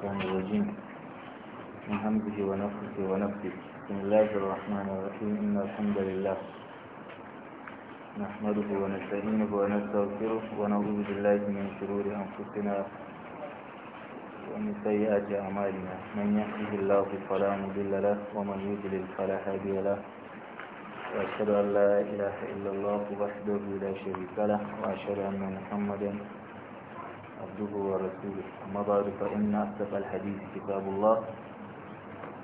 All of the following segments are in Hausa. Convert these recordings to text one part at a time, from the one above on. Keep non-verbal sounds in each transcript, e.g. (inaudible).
الشيطان الرجيم من همزه ونفسه ونفسه بسم الله الرحمن الرحيم إن الحمد لله نحمده ونستعينه ونستغفره ونعوذ بالله من شرور أنفسنا ومن سيئات أعمالنا من يهده الله فلا مضل له ومن يضلل فلا هادي له وأشهد أن لا إله إلا الله وحده لا شريك له وأشهد أن محمدا عبده ورسوله أما بعد فإن أصدق الحديث كتاب الله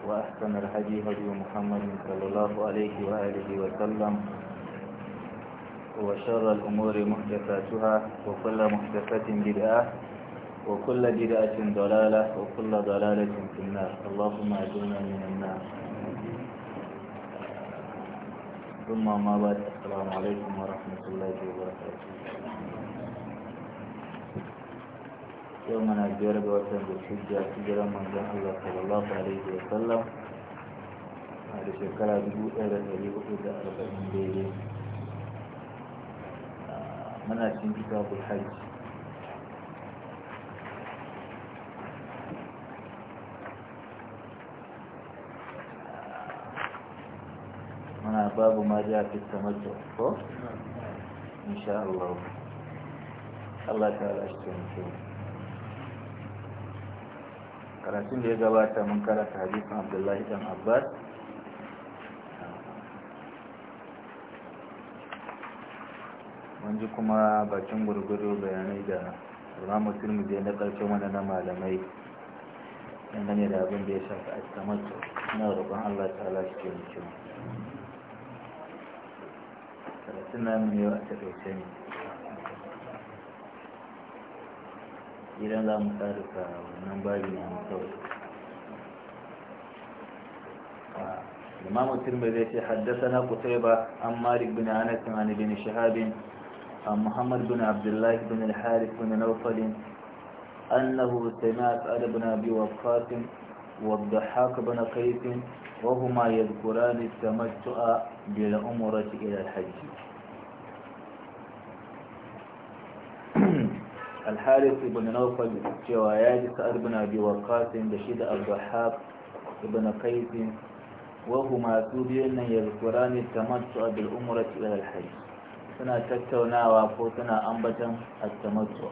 وأحسن الهدي هدي محمد صلى الله عليه وآله وسلم وشر الأمور محدثاتها وكل محدثة بدعة وكل بدعة ضلالة وكل ضلالة في النار اللهم أجرنا من النار ثم ما بعد السلام عليكم ورحمة الله وبركاته yau mana biyar ga watan da su hijiran manzon Allah sallallahu alaihi wa sallam a da shekara dubu ɗaya da ɗari hudu da arba'in daidai muna cikin kitabul hajji muna babu ma ja fi tamattu ko insha Allah Allah ta ala shi karatun da ya gabata mun karanta hadisin abdullahi dan abbas mun ji kuma bakin gurguru bayanai da imamu da na karshe mana na malamai dangane da abin da ya shafi a tsamanto na roƙon allah ta'ala shi ke mutum karatun namun yau a taƙaice ne idan za mu tsari ka wannan zai ce haddasa na kutai ba an marik bin anas mani bin shahabin a muhammad bin abdullahi bin alharif bin naufalin annahu sami'a tsada bin abi wa fatin wadda haka bana kaifin wahuma yadkurani samattu'a bil umrati ila alhajji alharis ibn naufal cewa ya ji sa'ad bin abi waqasin da shi da abdullahab ibn kaisin وهما سوبيون يذكران التمتع بالأمرة إلى الحج سنة تتونا وفوتنا أنبتا التمتع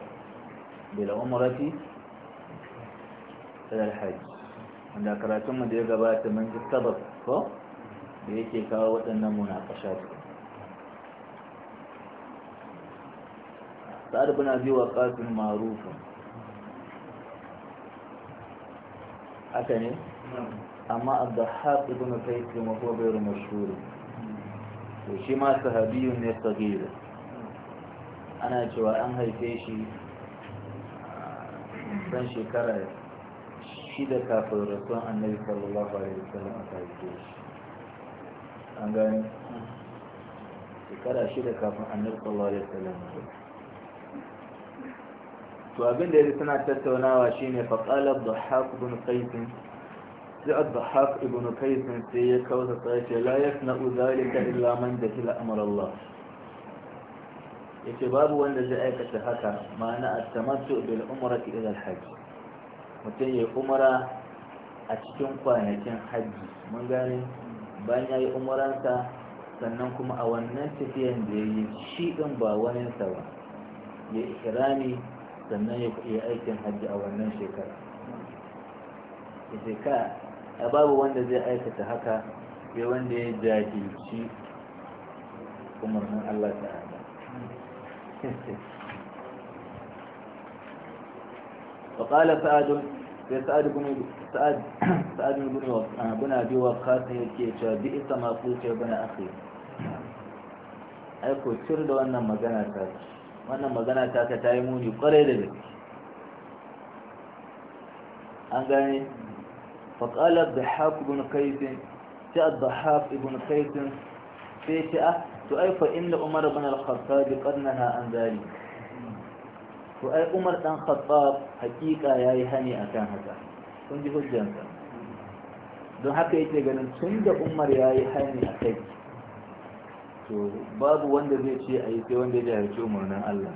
بالأمرة إلى الحج عند كراتم دي قبات من السبب ف بيكي كاوة النمونا قشاتك sa'ad bin wa waqas marufa haka ne amma abdahab ibn qais kuma ko bai mashuri. to shi ma sahabiyun ne sagira ana cewa an haife shi san ah, shekara shida kafin rasuwan annabi sallallahu alaihi wasallam a haife shi an gani shekara shida kafin annabi sallallahu alaihi wasallam to da ya yake tana tattaunawa shine fa qala dhahhak ibn qais sai dhahhak ibn qais sai ya kausa sai ce la yasna'u zalika illa man jahila amr Allah yace babu wanda zai aikata haka ma'ana at-tamattu bil umrati ila al-hajj mutum ya umara a cikin kwanakin hajji mun gane bayan ya yi umaransa sannan kuma a wannan tafiyan da ya yi shi ɗin ba waninsa ba ya ikirami sannan ya iya aikin hajji a wannan shekara ka a babu wanda zai aikata haka ya wanda ya jahilci umarnin Allah ta'ala وقال سعد سعد بن سعد سعد بن بن wa وقاص yake cewa bi isa ma kuce bana akhi ai ko cir da wannan magana ta wannan magana ta ta yi muni kwarai da ne an gani faƙala da haku ibn kaifin ta adda haku ibn kaifin sai ta a ah, to ai fa inda umar bin an zali to ai umar dan khattab haƙiƙa yayi hani akan haka kun ji hujjan don haka yake ganin tun da umar yayi hani a kai to babu wanda zai ce a yi sai wanda ya jarci umarnin Allah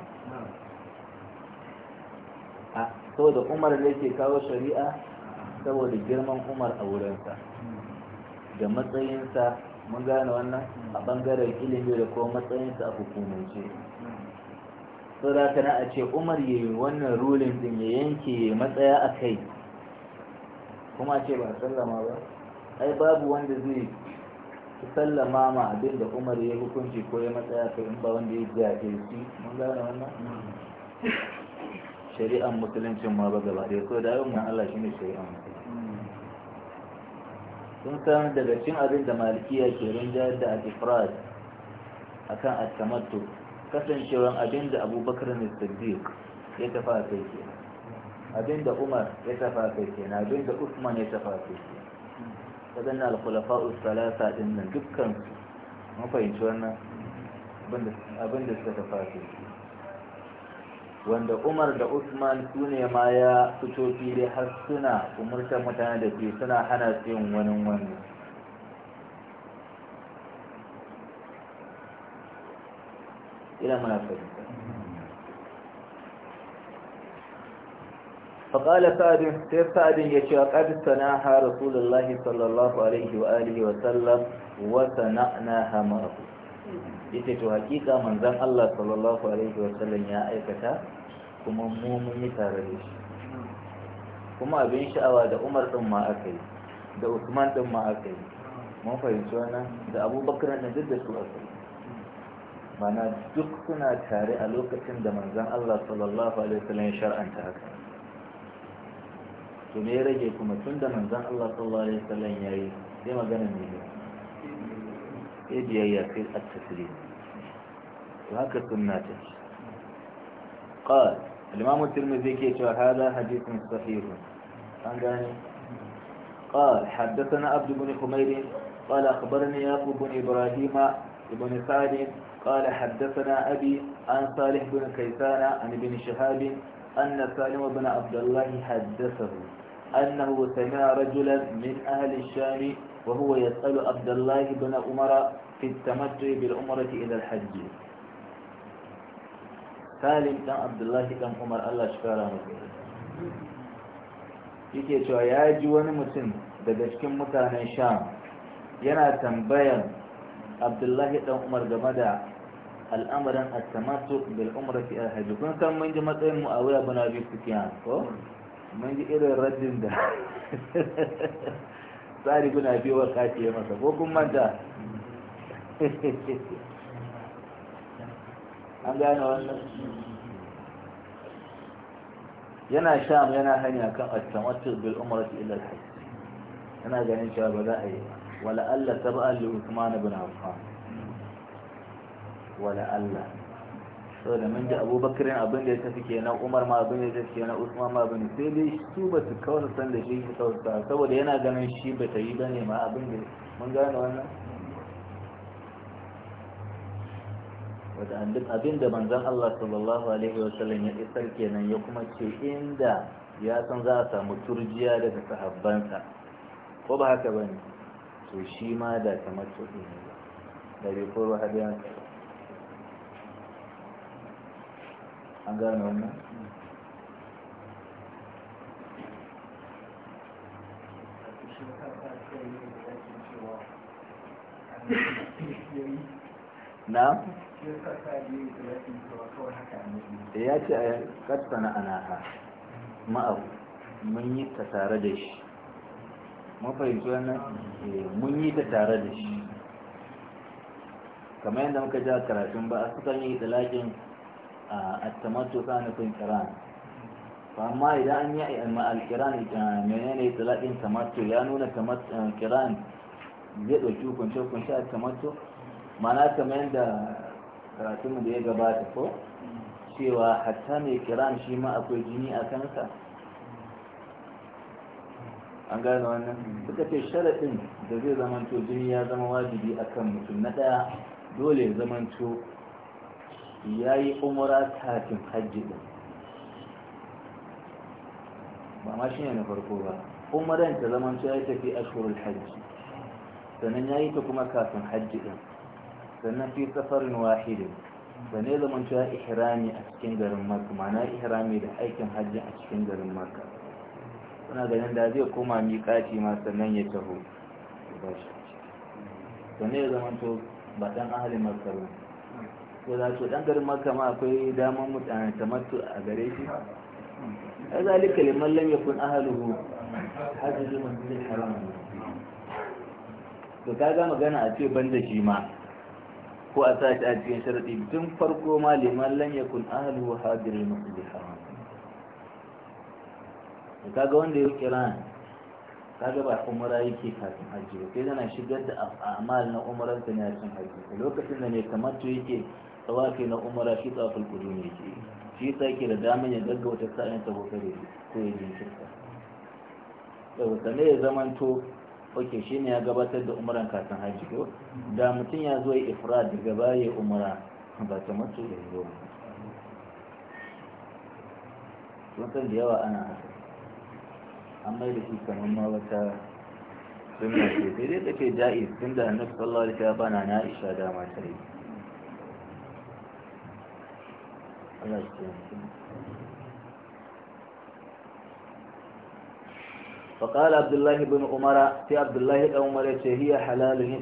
a saboda umar da yake kawo shari'a saboda girman umar a wurinsa da matsayinsa mun gane wannan a bangaren ilimi da kuma matsayinsa a hukumance sau da haka a ce umar yi wannan rulin din ya yanke matsaya a kai kuma ce ba sallama ba ai babu wanda zai su sallama ma abin da umar ya hukunci ko ya matsaya ka in ba wanda ya jahilci mun gane wannan shari'an musuluncin ma ba gaba ɗaya ko da yau mun Allah shine shari'an sun san daga cin abin da malikiya ke rinjayar da al-ifrad a kan tamattu kasancewan abin da abubakar ne sadiq ya tafa kai ke abin da umar ya tafa kai ke abin da usman ya tafa kai ke al alkhulafa'u salasa din nan dukkan mun fahimci wannan abinda abinda suka tafafi wanda umar da usman sune ma ya fito fili har suna umurtar mutane da ke suna hana su yin wani wani ila muna فقال سعد سيد سعد يشي قد سناها رسول الله صلى الله عليه وآله وسلم وسنعناها معه yace to hakika manzon Allah sallallahu alaihi wasallam ya aikata kuma mu mun yi tare da shi kuma abin sha'awa da Umar ɗin ma aka yi da Usman ɗin ma aka yi mun fahimci wannan da Abubakar na duk da su aka yi mana duk suna tare a lokacin da manzan Allah sallallahu alaihi wasallam ya shar'anta haka to me rage kuma tun da manzan Allah sallallahu alaihi wasallam yayi sai magana ne ne sai ya sai at-taslim to haka sunna ce qal al-imam at-tirmidhi ke cewa hada hadithun sahih an gani قال حدثنا عبد بن حمير قال أخبرني يعقوب بن إبراهيم بن سعد قال حدثنا أبي عن صالح بن كيسان عن ابن شهاب أن سالم بن عبد الله حدثه أنه سمع رجلا من أهل الشام وهو يسأل عبد الله بن عمر في التمتع بالعمرة إلى الحج سالم بن عبد الله بن عمر الله شكرا yake cewa ya ji wani mutum daga cikin mutanen sham yana tambayan abdullahi dan umar game da al'amarin at-tamattu bil umrati al-hajj kun san mun ji matsayin muawiya bin abi sufyan ko mun ji irin raddin da tsari guna biyo wa kace masa ko kun manta an gane wannan yana sham yana hanya kan at-tamattu bil umrati illa al-hajj yana ganin cewa ba za a yi wala alla tab'a li Uthman ibn Affan wala Allah. saboda mun ji abubakarin abin da ya tafi ke na umar ma abin da ya tafi ke na usman ma abin sai dai su ba su kawar san da shi su kawar saboda yana ganin shi ba ta yi ba ne ma abin da mun gane wannan wadda abin da manzan Allah sallallahu alaihi wasallam ya isar kenan ya kuma ce inda ya san za a samu turjiya daga sahabbansa ko ba haka ba ne to shi ma da kamar su ne da bai koro hadiyan an gane wannan na? ya ce a katsa na anaha ma'abu mun yi ta tare da shi mafahimci wannan eh, mun yi ta tare da shi kamar yadda muka ja karatun ba a sukan yi ɗalakin التمتع كان يكون كران فما إذا أن الكران منين يتلاقين تمتع يانون كران zai ɗauki hukunce hukunce a tamattu mana kamar yadda karatunmu da ya gabata ko cewa hatta mai kiran shi ma akwai jini a an gane wannan suka ce sharaɗin da zai zamanto jini ya zama wajibi a kan mutum na ɗaya dole ya zamanto ya yi umura kafin hajji ɗin ba ma shi ne na farko ba umaran ta zaman ya tafi ashurul hajji sannan ya yi ta kuma kafin hajji ɗin sannan fi safarin wahidin sannan ya zaman ya ihrami a cikin garin maka mana ihrami da aikin hajji a cikin garin maka suna ganin da zai koma miƙaci ma sannan ya taho ba shi sannan ya zaman ba ɗan ahalin maka ko za to dan garin makka ma akwai daman mutane tamattu a gare shi ai zalika liman lam yakun ahluhu hajjul masjidil haram to kaga magana a ce banda shi ma ko a sashi a cikin sharadi tun farko ma liman lam yakun ahluhu hadirul masjidil haram to kaga wanda ya kira kaga ba umara yake kafin hajji ba sai yana shigar da amal na umaranta ne a cikin hajji lokacin da ne kamar to yake tawafi na umara shi tsawafin kudu ne ke shi ta ke da damin ya wata sa'ayin ta hukari ko ya shirka daga sannan ya zamanto ok shi ne ya gabatar da umaran kasan hajji ko da mutum ya zo ya ifra daga baya umara ba ta mutu ya zo sun san da yawa ana haka amma da shi kamar ma wata sunna ce sai dai take ja'i tun da annabi sallallahu alaihi wasallam bana na isha da mata yi Allah Abdullahi bin عبد الله بن عمر في عبد الله بن عمر هي حلال هي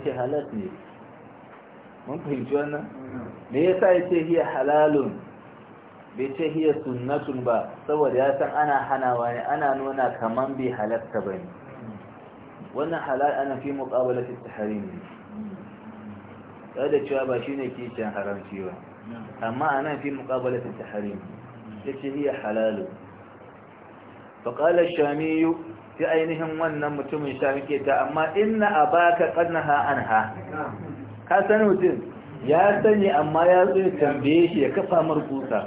ne mun fahimci wannan me yasa yace hiya halalun bai ce hiya sunnatun ba saboda ya san ana hanawa ne ana nuna kaman bai ba ne wannan halal ana fi muqabalati tahrim ne da cewa ba shine kishin haramci ba amma ana fi muqabalat at harin. Ya ce halal fa qala ash fi ainihin wannan mutumin shami ke ta amma na abaka qad naha anha ka san mutum ya sani amma ya zo tambaye shi ya kafa markusa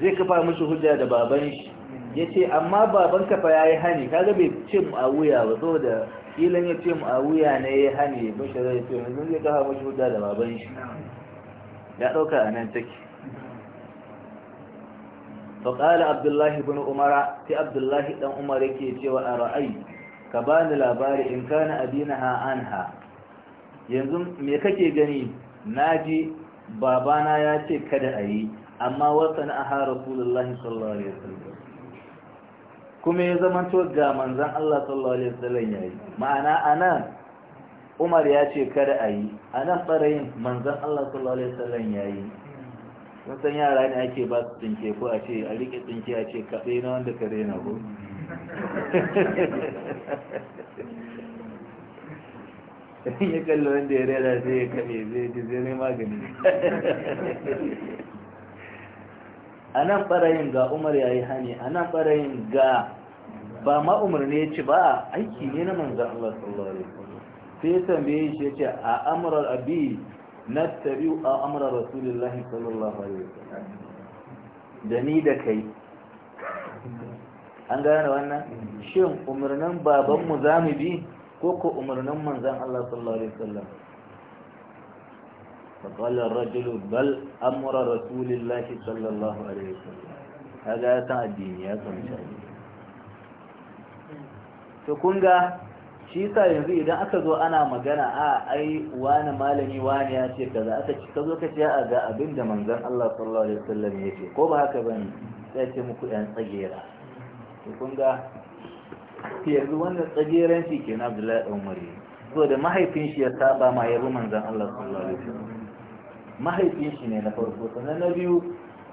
zai kafa mishi hujja da baban shi yace amma baban kafa yayi hani ga bai cin a wuya ba da kilan ya ce a wuya ne ya hane mashi zai ce yanzu zai kafa mashi hujja da baban shi ya ɗauka a nan take faƙala abdullahi bin Umar, sai abdullahi dan umar yake cewa a ra'ayi ka ba ni labari in kana abina ha yanzu me kake gani na babana ya ce kada a yi amma wasana a aha rasulullahi sallallahu alaihi wasallam kuma ya to ga manzan Allah sallallahu alaihi wasallam yayi ma'ana anan Umar ya ce kada a yi anan barayin manzan Allah sallallahu alaihi wasallam yayi kun san yara ne ake ba su tsinke ko a ce a rike tsinke a ce kaɗai na wanda ka rena ko (laughs) ya kalli wanda ya rena sai ya kaɗe zai ji zai magani (laughs) a nan ɓarayin ga umar ya yi hani a nan ɓarayin ga ba ma umar ne ci ba aiki ne na manzan Allah sallallahu alaihi wasallam sai ya tambaye shi ya ce a amrar abi na tabi'u a amrar rasulullahi sallallahu alaihi wasallam da ni da kai an gane wannan shin umarnin babanmu za mu bi ko ko umarnin manzan Allah sallallahu alaihi wasallam فقال الرجل بل أمر رسول الله صلى الله عليه وسلم هذا تعدين يا صلى فكون shi sa yanzu idan aka zo ana magana a ai wani malami wani ya ce kaza aka ci ka zo ka ce a ga abin da manzon Allah sallallahu alaihi wasallam ya ce ko ba haka bane sai ce muku yan tsagera to kun ga yanzu wannan tsageran shi kenan Abdullahi Umar so da mahaifin shi ya saba ma yabi manzon Allah sallallahu alaihi wasallam mahaifin shi ne na farko sannan na biyu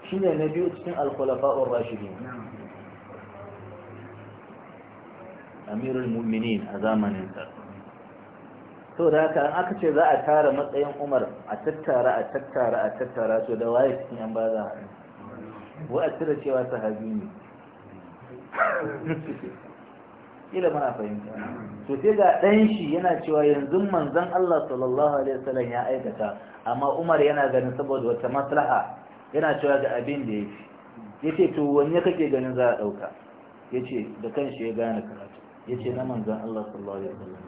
shi ne na biyu cikin alkulafa'ur rashidin amirul mu'minin a zamanin sa to da haka aka ce za a tara matsayin umar a tattara a tattara a tattara to da waye cikin yan baza wa a cire cewa sahabi ne kila muna fahimta to sai ga ɗan shi yana cewa yanzu manzon Allah sallallahu alaihi wasallam ya aikata amma Umar yana ganin saboda wata maslaha yana cewa ga abin da yake yace to wanne kake ganin za a dauka yace da kanshi ya gane karatu yace na manzon Allah sallallahu alaihi wasallam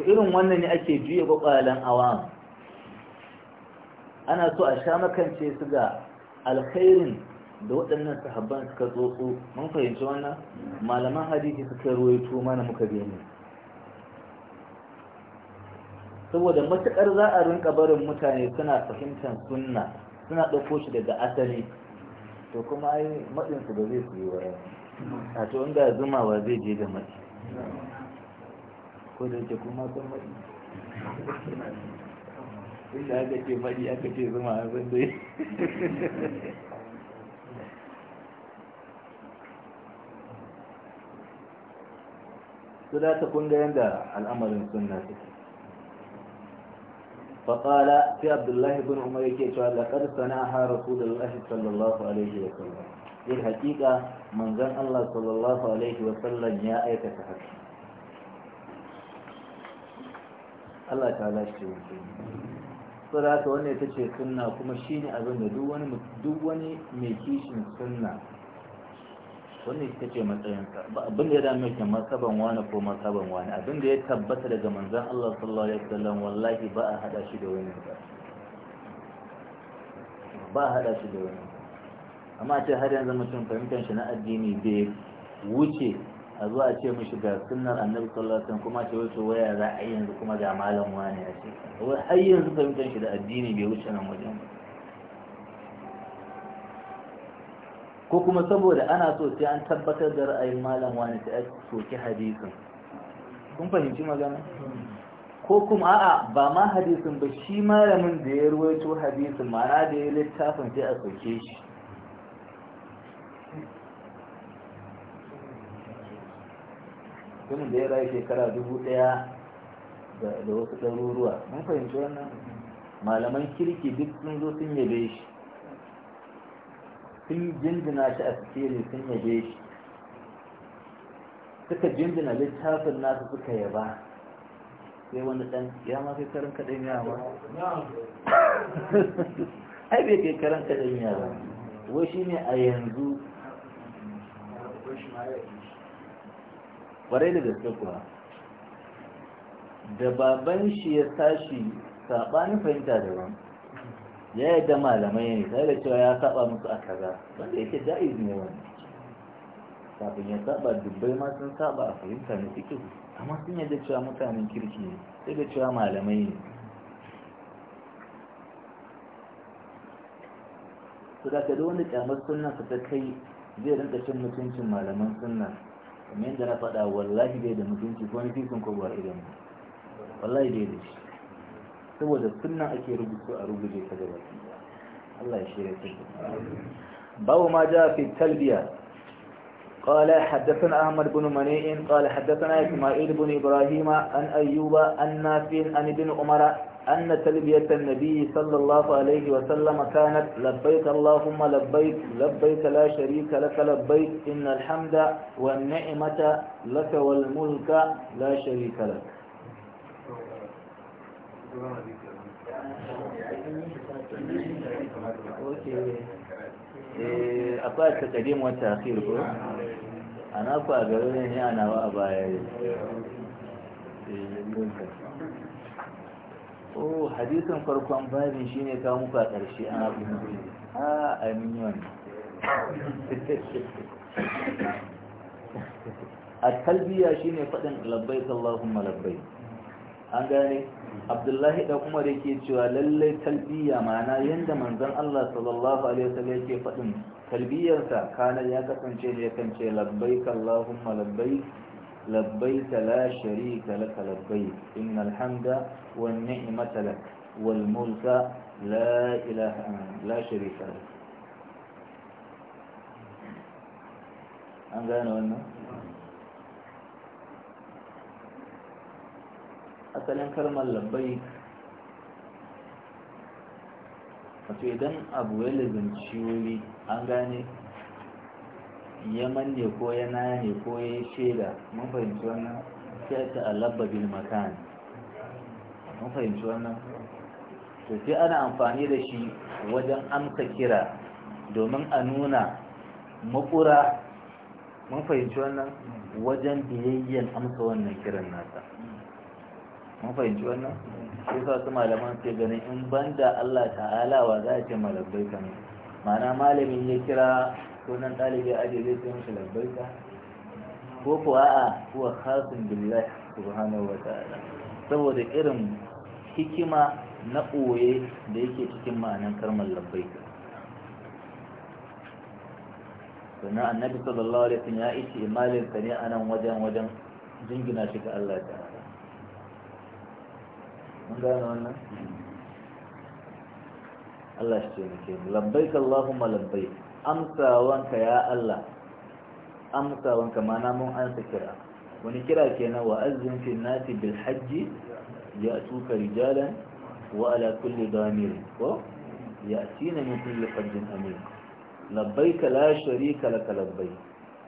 to irin wannan ne ake juya gwagwalan awam ana so a sha makance su ga alkhairin da waɗannan sahabban suka tsotso mun fahimci wannan malaman hadisi suka ruwaito mana muka gani saboda matuƙar za a rinka barin mutane suna fahimtar sunna suna ɗauko shi daga asali to kuma ai su ba zai su yi wa a to inda zuma wa zai je da matsi ko da yake kuma sun matsi inda aka ce faɗi aka ce zuma a dai. su da ta kunga yadda al'amarin sunna suke faƙala sai abdullahi bin umar yake cewa laƙar da rasulullahi sallallahu alaihi wa sallam yin haƙiƙa manzan allah sallallahu alaihi wa sallam ya aikata haka allah ta lashe wanke saboda ta wannan ita ce sunna kuma shine abin da duk wani mai kishin sunna wannan ita ce matsayinka ba abin da ya dame shi masaban wani ko masaban wani abin da ya tabbata daga manzan Allah sallallahu alaihi wasallam wallahi ba a hada shi da wani ba ba a hada shi da wani amma ce har yanzu mutum fahimtar shi na addini bai wuce a zuwa ce mishi ga sunnar annabi sallallahu alaihi wasallam kuma ce wato waya za a yanzu kuma ga malam wani a ce har yanzu fahimtar shi da addini bai wuce nan wajen ba ko kuma saboda ana so sai an tabbatar da ra'ayin malam wani ta soki hadisin kun fahimci magana ko kuma a'a ba ma hadisin ba shi malamin da ya ruwaito hadisin ma'ana da ya littafin sai a soke shi kuma da ya rayu shekara dubu ɗaya da wasu ɗaruruwa mun fahimci wannan malaman kirki duk sun zo sun yabe shi sun jinjina shi a sikiri sun yabe shi suka jinjina littafin nasu suka yaba sai wani dan ya ma kai karan kaɗan ya ba (laughs) ai bai kai kaɗan ya ba wai shi ne a yanzu ƙwarai da gaske kuwa da baban shi ya tashi saɓanin fahimta da wani ya yadda malamai ne sai da cewa ya saba musu a kaza wanda yake ja'iz ne wani kafin ya saba dubbai ma sun saba a fahimta na cikin amma sun yadda cewa mutanen kirki ne sai da cewa malamai ne su da ka wanda kyamar sunan su ta kai zai rinka cin mutuncin malaman sunan, kamar yadda na faɗa wallahi bai da mutunci ko wani fikin ko idan wallahi bai da shi saboda sunna ake rubutu a rubuce ta gaba Allah ya shirya ta babu ma ja fi talbiya قال حدثنا أحمد بن منيع قال حدثنا إسماعيل بن إبراهيم عن أيوب عن نافع عن ابن عمر أن تلبية النبي صلى الله عليه وسلم كانت لبيك اللهم لبيك لبيك لا شريك لك لبيك إن الحمد والنعمة لك والملك لا شريك لك Eh, a ba ta kadim wata akhir ko ana fa garin ne ana wa a baya eh, oh hadisin farkon babin shine ka muku a ƙarshe ana kuma ah, (laughs) a amin wannan a kalbiya shine faɗin labbaik Allahumma labbaik an gane abdullahi da umar yake cewa lallai talbiya mana yadda manzan Allah sallallahu alaihi wasallam yake faɗin talbiyarsa kana ya kasance da ya yakan ce labbaik allahumma labbaik ta la sharika lak labbaik innal hamda wan ni'mata lak wal mulka la ilaha la sharika lak an gane wannan asalin kalmar labbai wato idan abu ya lizinci wuri an gane ya manne ko ya nane ko ya yi shaida mun fahimci wannan sai ta alabba bil makan mun fahimci wannan to sai ana amfani da shi wajen amsa kira domin a nuna makura mun fahimci wannan wajen biyayyen amsa wannan kiran nasa mun fahimci wannan shi sa su malaman ke ganin in banda Allah ta'ala wa za a ce malabbai ne? ma'ana malamin ya kira sunan ɗalibi a ajiye zai tsayin shi labbai ka ko kuwa a kuwa khasun billahi subhanahu wa ta'ala saboda irin hikima na ɓoye da yake cikin ma'anan karmar labbai ka sannan annabi sallallahu alaihi wasallam ya ishe malin ne a nan wajen wajen jingina shi ga Allah ta'ala gane wannan Allah shi taimake mu labbaik Allahumma labbaik amsawanka ya Allah amsawanka mana mun ansa kira wani kira kenan wa azzin fil nasi bil hajji ya'tuka rijalan wa ala kulli damir ko ya tina min kulli fajjin amir labbaik la sharika lak labbaik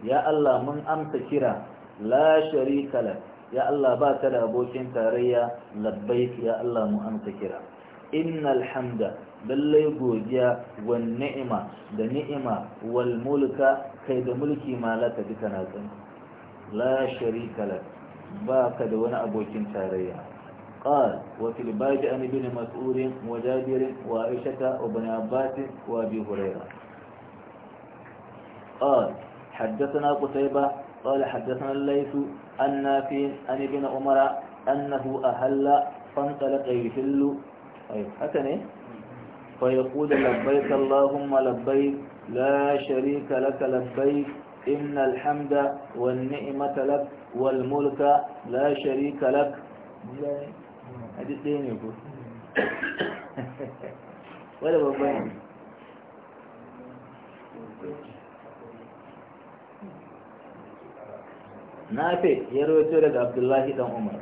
ya Allah mun amsa kira la sharika lak ya Allah ba ka da abokin tarayya labbaik ya Allah mu amsa kira innal hamda lallai godiya wa ni'ima da ni'ima wal mulka kai da mulki malaka duka na tsin la sharika lak ba ka da wani abokin tarayya قال وفي الباب عن ابن مسعود وجابر وعائشة وابن عباس وابي هريرة قال حدثنا قتيبة قال حدثنا الليث عن نافع عن ابن عمر أنه أهل فانطلق يهل أيوه حسنه فيقول لبيك اللهم لبيك لا شريك لك لبيك إن الحمد والنعمة لك والملك لا شريك لك حديث دين يقول ولا بابين nafe ya rawaito daga abdullahi dan umar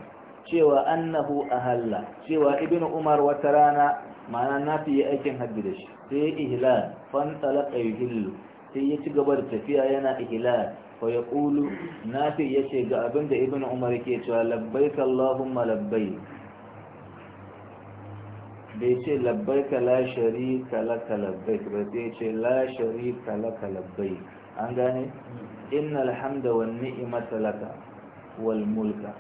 cewa annahu ahalla cewa ibnu umar wata rana ma'ana nafi ya aikin hajji da shi sai ya ihlal fan talaka yuhillu sai ya ci gaba da tafiya yana ihlal fa yaqulu nafi ya ce ga abin da ibnu umar yake cewa labbaik allahumma labbaik bai ce ka la sharika laka labbaik ba sai ce la sharika laka labbaik an gane inna alhamda wa ni'mata laka wal mulka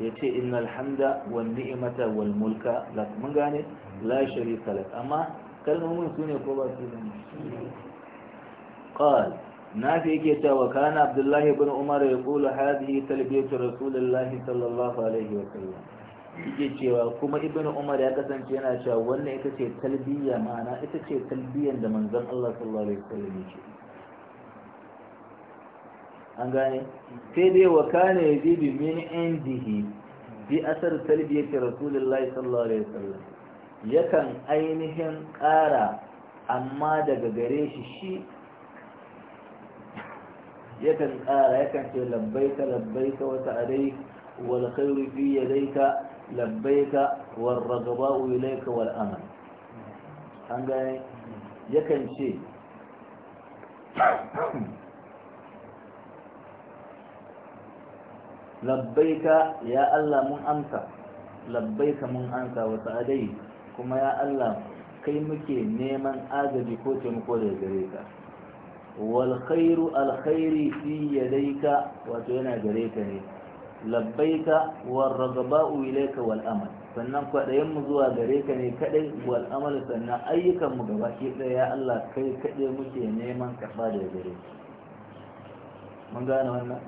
yace inna alhamda wa ni'mata wal mulka lak mun gane la sharika lak amma kalmomin sune ko ba su ne qal nafi yake cewa kana abdullahi ibn umar ya kula hadhihi talbiyatu rasulillahi sallallahu alaihi wa sallam yake cewa kuma ibn umar ya kasance yana cewa wannan ita ce talbiya ma'ana ita ce talbiyan da manzon Allah sallallahu alaihi wa sallam yake an gane sai dai wa kana yazidu min indihi bi asar talbiyati rasulullahi sallallahu alaihi wasallam yakan ainihin ƙara amma daga gare shi shi yakan ƙara yakan ce labbaika labbaika wa sa'adai wal khairu fi yadayka labbaika war ragaba'u ilayka wal amal an gane yakan ce labbaika ya Allah mun amsa labbaika mun amsa wa sa'adai kuma ya Allah kai muke neman agaji ko taimako daga gare ka wal khairu al khairi fi yadayka wato yana gare ka ne labbaika war ragaba'u ilayka wal amal sannan kwaɗayen mu zuwa gare ka ne kaɗai wal amal sannan ayyukan mu gabaki ɗaya ya Allah kai kaɗai muke neman karɓa daga gare ka mun gane wannan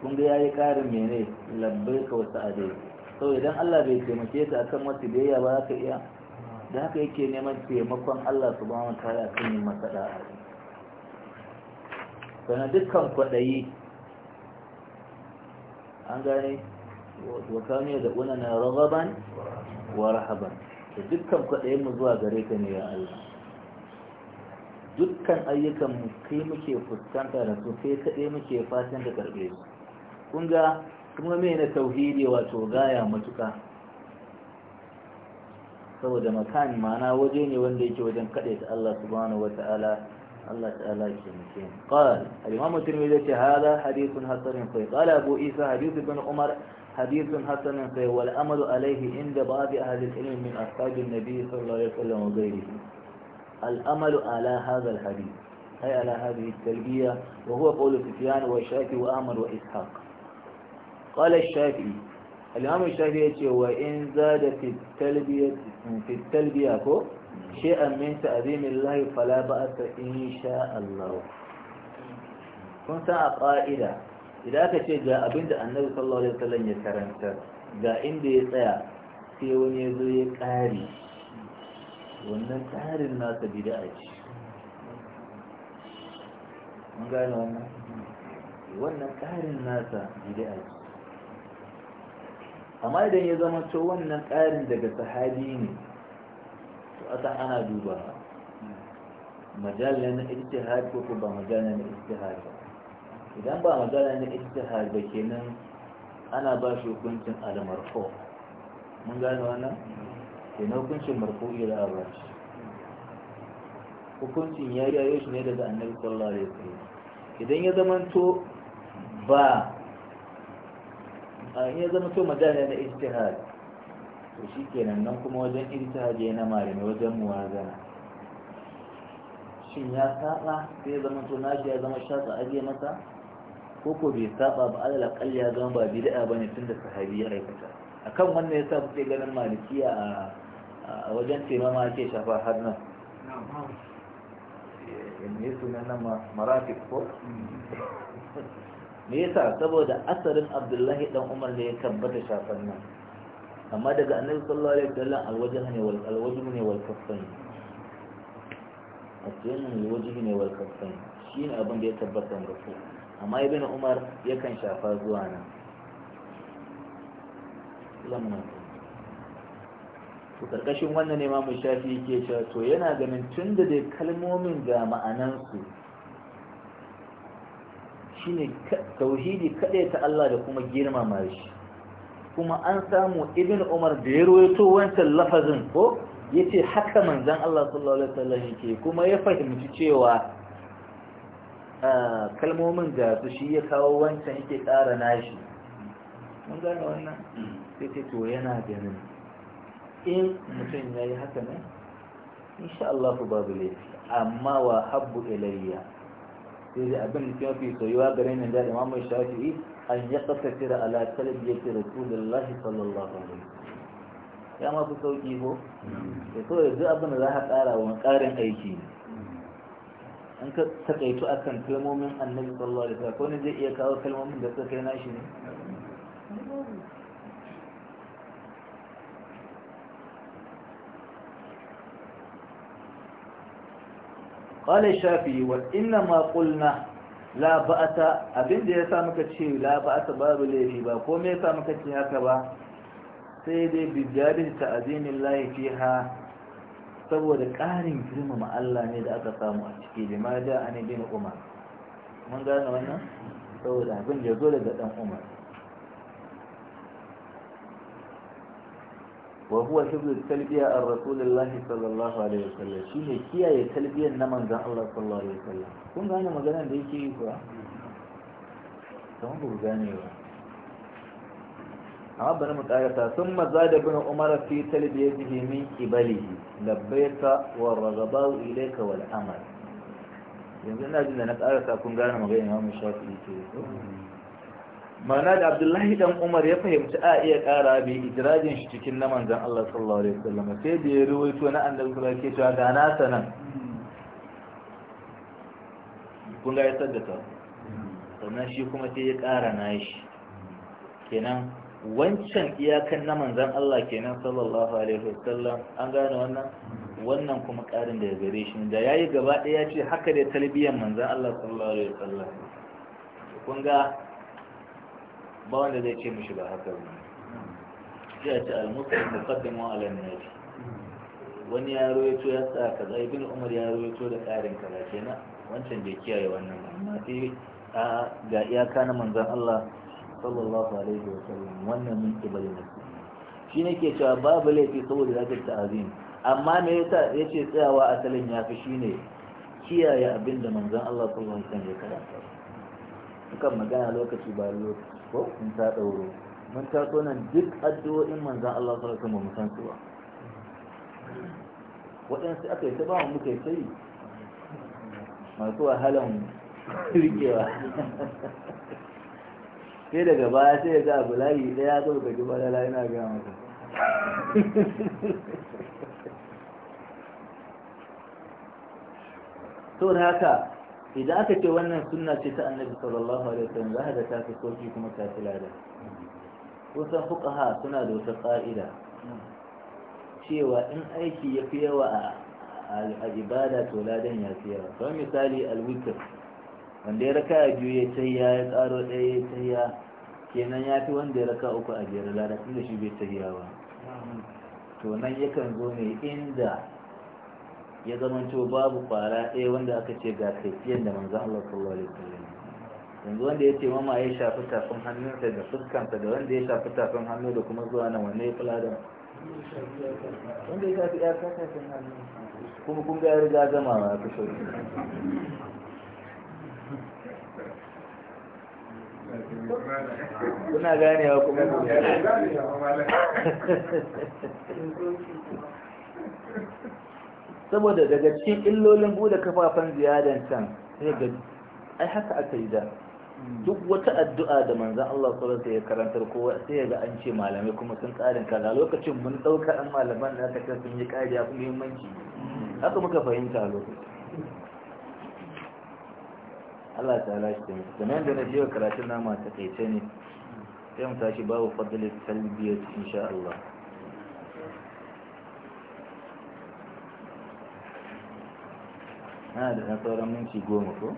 kun ga yayi karin mene labbai ka wasu adai sau idan Allah bai taimake ka akan wasu ya ba za ka iya da haka yake neman taimakon Allah subhanahu wa ta'ala akan yin masa da'a kana dukkan kwadayi an gane wa kamiya da na ragaban wa rahaban dukkan kwadayin mu zuwa gare ka ne ya Allah dukkan ayyukan mu kai muke fuskanta da su kai kaɗai muke fatan da karɓe su kunga ga kuma mai na tauhidi wato gaya matuka saboda makan mana waje ne wanda yake wajen kaɗe ta Allah subhanahu wa ta'ala Allah ta'ala ke nufi qal al-imam at-tirmidhi yace hada hadithun hasan fa qala abu isa hadith ibn umar hadithun hasan fa wal amalu alayhi inda ba'd ahli al-ilm min ashab an-nabi sallallahu alaihi wasallam wa ghayrihi al-amal ala hadha al-hadith ay wa huwa wa shafi wa ahmad wa qala shafi al-imam shafi yace wa in zada fi ko shay'an Aminta ta'zimillahi fala ba'sa insha Allah kun san a ƙa'ida idan aka ce ga abinda annabi sallallahu alaihi ya karanta ga inda ya tsaya sai wani ya zo ya wannan ƙarin nasa bid'a ce mun gane wannan wannan nasa bid'a ce amma idan ya zama to wannan ƙarin daga sahabi ne to asa ana duba majalla na ijtihad ko ba majalla na ijtihad ba idan ba majalla na ijtihad ba kenan ana ba shi hukuncin al-marfu mun gane wannan kenan hukuncin ya da ba shi hukuncin ya yayo shi ne daga annabi sallallahu alaihi wasallam idan ya zama to ba a in ya zama to magana na ijtihad to shi kenan nan kuma wajen ijtihad yana malami wajen muwazana shin ya saba sai ya zama to nashi ya zama shatsa aje masa ko ko bai saba ba alal akal ya zama ba bid'a bane tunda sahabi ya aikata akan wannan yasa kuke ganin malikiya a wajen taimama ake shafa har nan in yi eh, sunan nan marafi ko hmm. (laughs) me yasa saboda asarin abdullahi dan umar ne ya tabbata shafan nan amma daga annabi sallallahu alaihi wasallam alwajh ne wal alwajh ne wal kaffain asirin alwajh ne wal kaffain shine abin da ya tabbata rasu amma ibn umar yakan shafa zuwa nan lamma to karkashin wannan ne mu shafi ke cewa to yana ganin tunda da kalmomin ga ma'anansu shine tauhidi kaɗai ta Allah da kuma girmama shi kuma an samu ibn umar da ya roito wancan lafazin ko ya ce haka manzan Allah sallallahu Alaihi wasallam yake kuma ya fahimci cewa kalmomin da su shi ya kawo wancan yake tsara nashi mun gane wannan sai ce to yana ganin in mutum ya yi haka ne insha Allah babu laifi amma wa habbu ilayya sai dai abin da kuma fi soyuwa gare ni da imam shafi'i an ya kasafira ala talbiyati rasulullahi sallallahu alaihi ya ma su sauki ko ya so da duk abin da za ka ƙara wa ƙarin aiki an ka takaitu akan kalmomin annabi sallallahu alaihi wasallam ko ne zai iya kawo kalmomin da suka kai nashi ne qala shafi wa inna ma qulna la abinda yasa muka ce la babu laifi ba ko me yasa muka ce haka ba sai dai bijadin ta'zimin lahi fiha saboda ƙarin girmama Allah ne da aka samu a ciki lima da an bin umar mun gane wannan saboda abin da zo daga dan umar وهو حفظ التلبية الرسول الله صلى الله عليه وسلم شيني كي آية نمان ذا الله صلى الله عليه وسلم كون غاني مغانا دي كي يقوى تمام بو غاني يقوى عبنا متآياتا ثم زاد ابن عمر في تلبيته من قبله لبيت والرغباء إليك والعمل ينزلنا جلنا نتآياتا كون غاني مغانا مغانا مغانا مغانا مغانا مغانا مغانا مغانا mana da abdullahi dan umar ya fahimci a iya kara bi idrajin shi cikin na manzan Allah sallallahu alaihi wasallam sai da ya ruwaito na annabi sallallahu alaihi wasallam da na sanan kun ga ya saddaka sannan shi kuma sai ya kara nashi kenan wancan iyakan na manzan Allah kenan sallallahu alaihi wasallam an gane wannan wannan kuma karin da ya gare shi da yayi gaba daya ce haka da talbiyan manzan Allah sallallahu alaihi wasallam kun ga ba wanda zai ce mishi ba haka ba sai a ce al-muslim muqaddamu ala an-nabi wani ya rawaito ya sa kaza ibn umar ya rawaito da karin kaza kenan wancan bai kiyaye wannan ba amma sai a ga iyaka na manzon Allah sallallahu alaihi wa sallam wannan min kibali ne shi ne ke cewa babu laifi saboda zakat ta'azim amma me yasa yace tsayawa asalin yafi shine kiyaye abin da manzon Allah sallallahu alaihi wa sallam ya karanta kan magana lokaci ba lokaci ko in ta ɗauro mun ta taso nan duk addu'o'in manzan Allah sallallahu alaihi wasallam mu san su ba waɗansu aka yi ta ba mu muka sai masu wahalan rikewa (laughs) sai daga baya sai ya ga abu layi ɗaya zo ga gaba da layi na gaya masa to (laughs) da haka idan aka ce wannan sunna ce ta annabi sallallahu alaihi wasallam za da ta fi sauki kuma ta fi lada kusan fuqaha suna da wata ƙa'ida cewa in aiki ya fi yawa a ibada to ladan ya fi yawa kamar misali alwitr wanda ya raka biyu ya tahiya ya karo ɗaya ya tahiya kenan ya fi wanda ya raka uku a biyar ladan tunda shi bai tahiya ba to nan yakan zo ne inda ya to babu kwara ɗaya wanda aka ce ga kaifiyan da manzan Allah sallallahu alaihi wasallam yanzu wanda ya ce mama ya shafi tafin hannunsa da fuskansa da wanda ya shafi tafin hannu da kuma zuwa na wanne ya kula da wanda ya shafi ya kasa tafin hannu kuma kun ga ya riga gama ma ya fi kuna ganewa kuma saboda daga cikin illolin bude kafafen ziyarar can sai ga ai haka aka yi da duk wata addu'a da manzan Allah sallallahu ya karantar kowa sai ga an ce malamai kuma sun tsarin kaza lokacin mun dauka an malaman da aka sun yi ya kuma muhimmanci haka muka fahimta lokacin Allah ta lashe mu kamar da na je karatun nama ta kaice ne sai mu tashi babu fadlil talibiyar insha Allah na da na sauran minti goma ko?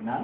na?